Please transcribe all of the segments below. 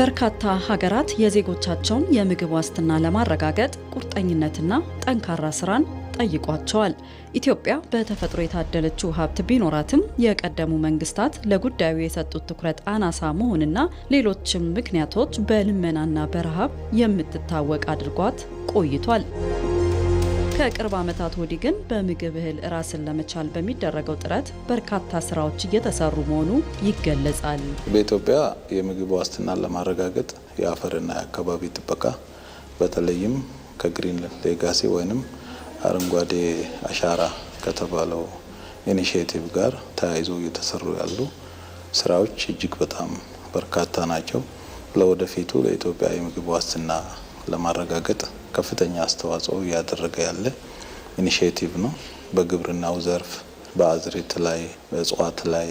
በርካታ ሀገራት የዜጎቻቸውን የምግብ ዋስትና ለማረጋገጥ ቁርጠኝነትና ጠንካራ ስራን ጠይቋቸዋል። ኢትዮጵያ በተፈጥሮ የታደለችው ሀብት ቢኖራትም የቀደሙ መንግስታት ለጉዳዩ የሰጡት ትኩረት አናሳ መሆንና ሌሎችም ምክንያቶች በልመናና በረሃብ የምትታወቅ አድርጓት ቆይቷል። ከቅርብ ዓመታት ወዲህ ግን በምግብ እህል ራስን ለመቻል በሚደረገው ጥረት በርካታ ስራዎች እየተሰሩ መሆኑ ይገለጻል። በኢትዮጵያ የምግብ ዋስትናን ለማረጋገጥ የአፈርና የአካባቢ ጥበቃ በተለይም ከግሪን ሌጋሲ ወይም አረንጓዴ አሻራ ከተባለው ኢኒሽቲቭ ጋር ተያይዞ እየተሰሩ ያሉ ስራዎች እጅግ በጣም በርካታ ናቸው። ለወደፊቱ ለኢትዮጵያ የምግብ ዋስትና ለማረጋገጥ ከፍተኛ አስተዋጽኦ እያደረገ ያለ ኢኒሽቲቭ ነው። በግብርናው ዘርፍ በአዝሪት ላይ በእጽዋት ላይ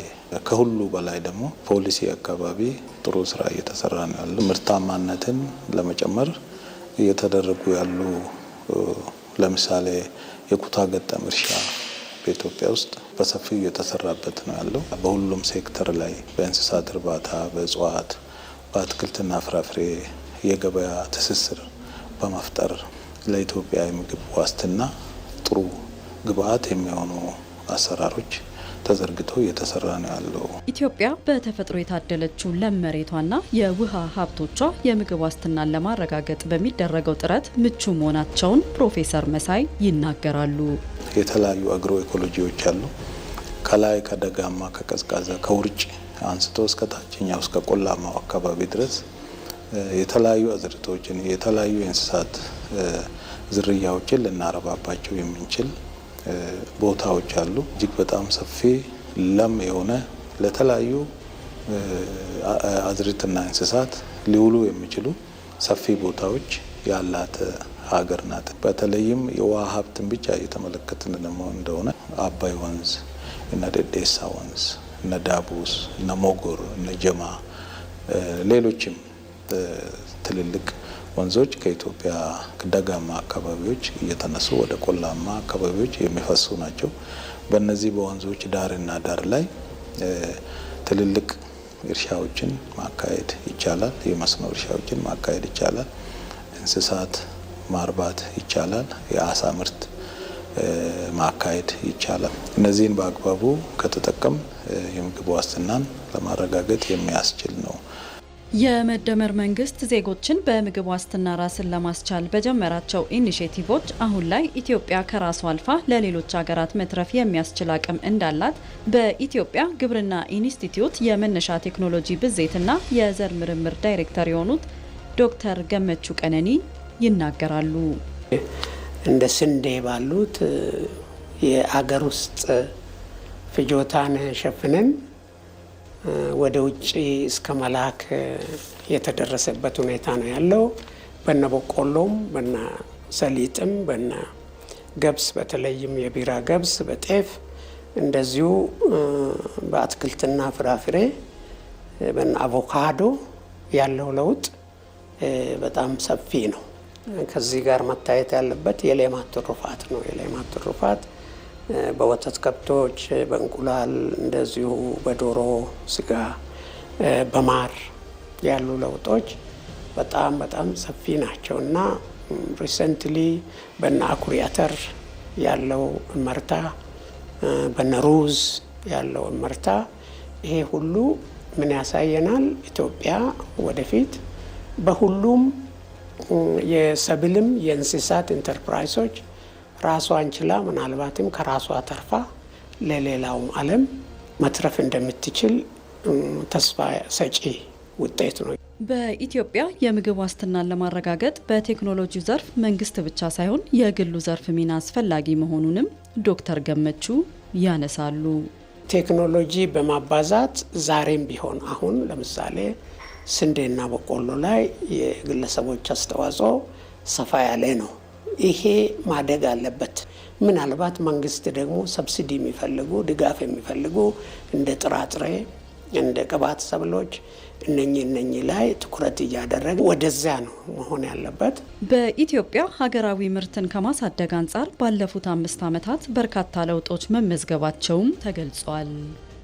ከሁሉ በላይ ደግሞ ፖሊሲ አካባቢ ጥሩ ስራ እየተሰራ ነው ያለ ምርታማነትን ለመጨመር እየተደረጉ ያሉ ለምሳሌ የኩታ ገጠም እርሻ በኢትዮጵያ ውስጥ በሰፊው እየተሰራበት ነው ያለው። በሁሉም ሴክተር ላይ በእንስሳት እርባታ፣ በእጽዋት፣ በአትክልትና ፍራፍሬ የገበያ ትስስር በመፍጠር ለኢትዮጵያ የምግብ ዋስትና ጥሩ ግብአት የሚሆኑ አሰራሮች ተዘርግቶ እየተሰራ ነው ያለው። ኢትዮጵያ በተፈጥሮ የታደለችው ለም መሬቷና የውሃ ሀብቶቿ የምግብ ዋስትናን ለማረጋገጥ በሚደረገው ጥረት ምቹ መሆናቸውን ፕሮፌሰር መሳይ ይናገራሉ። የተለያዩ አግሮ ኢኮሎጂዎች አሉ። ከላይ ከደጋማ ከቀዝቃዛ ከውርጭ አንስቶ እስከ ታችኛው እስከ ቆላማው አካባቢ ድረስ የተለያዩ አዝርቶችን የተለያዩ የእንስሳት ዝርያዎችን ልናረባባቸው የምንችል ቦታዎች አሉ። እጅግ በጣም ሰፊ ለም የሆነ ለተለያዩ አዝርትና እንስሳት ሊውሉ የሚችሉ ሰፊ ቦታዎች ያላት ሀገር ናት። በተለይም የውሃ ሀብትን ብቻ እየተመለከትን ደሞ እንደሆነ አባይ ወንዝ፣ እነ ደዴሳ ወንዝ፣ እነ ዳቡስ፣ እነ ሞጎር፣ እነ ጀማ ሌሎችም ትልልቅ ወንዞች ከኢትዮጵያ ደጋማ አካባቢዎች እየተነሱ ወደ ቆላማ አካባቢዎች የሚፈሱ ናቸው። በእነዚህ በወንዞች ዳርና ዳር ላይ ትልልቅ እርሻዎችን ማካሄድ ይቻላል። የመስኖ እርሻዎችን ማካሄድ ይቻላል። እንስሳት ማርባት ይቻላል። የአሳ ምርት ማካሄድ ይቻላል። እነዚህን በአግባቡ ከተጠቀም የምግብ ዋስትናን ለማረጋገጥ የሚያስችል ነው። የመደመር መንግስት ዜጎችን በምግብ ዋስትና ራስን ለማስቻል በጀመራቸው ኢኒሽቲቮች አሁን ላይ ኢትዮጵያ ከራሷ አልፋ ለሌሎች ሀገራት መትረፍ የሚያስችል አቅም እንዳላት በኢትዮጵያ ግብርና ኢንስቲትዩት የመነሻ ቴክኖሎጂ ብዜትና የዘር ምርምር ዳይሬክተር የሆኑት ዶክተር ገመቹ ቀነኒ ይናገራሉ። እንደ ስንዴ ባሉት የአገር ውስጥ ፍጆታን ሸፍነን ወደ ውጭ እስከ መላክ የተደረሰበት ሁኔታ ነው ያለው። በነ በቆሎም በነ ሰሊጥም በነ ገብስ በተለይም የቢራ ገብስ በጤፍ እንደዚሁ በአትክልትና ፍራፍሬ በነ አቮካዶ ያለው ለውጥ በጣም ሰፊ ነው። ከዚህ ጋር መታየት ያለበት የሌማት ትሩፋት ነው። የሌማት ትሩፋት በወተት ከብቶች፣ በእንቁላል እንደዚሁ በዶሮ ስጋ፣ በማር ያሉ ለውጦች በጣም በጣም ሰፊ ናቸው እና ሪሰንትሊ በነ አኩሪ አተር ያለው እመርታ፣ በነ ሩዝ ያለው እመርታ፣ ይሄ ሁሉ ምን ያሳየናል? ኢትዮጵያ ወደፊት በሁሉም የሰብልም የእንስሳት ኢንተርፕራይሶች ራሷን ችላ ምናልባትም ከራሷ ተርፋ ለሌላውም ዓለም መትረፍ እንደምትችል ተስፋ ሰጪ ውጤት ነው። በኢትዮጵያ የምግብ ዋስትናን ለማረጋገጥ በቴክኖሎጂ ዘርፍ መንግስት ብቻ ሳይሆን የግሉ ዘርፍ ሚና አስፈላጊ መሆኑንም ዶክተር ገመቹ ያነሳሉ። ቴክኖሎጂ በማባዛት ዛሬም ቢሆን አሁን ለምሳሌ ስንዴና በቆሎ ላይ የግለሰቦች አስተዋጽኦ ሰፋ ያለ ነው። ይሄ ማደግ አለበት። ምናልባት መንግስት ደግሞ ሰብሲዲ የሚፈልጉ ድጋፍ የሚፈልጉ እንደ ጥራጥሬ፣ እንደ ቅባት ሰብሎች እነኚህ እነኚህ ላይ ትኩረት እያደረገ ወደዚያ ነው መሆን ያለበት። በኢትዮጵያ ሀገራዊ ምርትን ከማሳደግ አንጻር ባለፉት አምስት ዓመታት በርካታ ለውጦች መመዝገባቸውም ተገልጿል።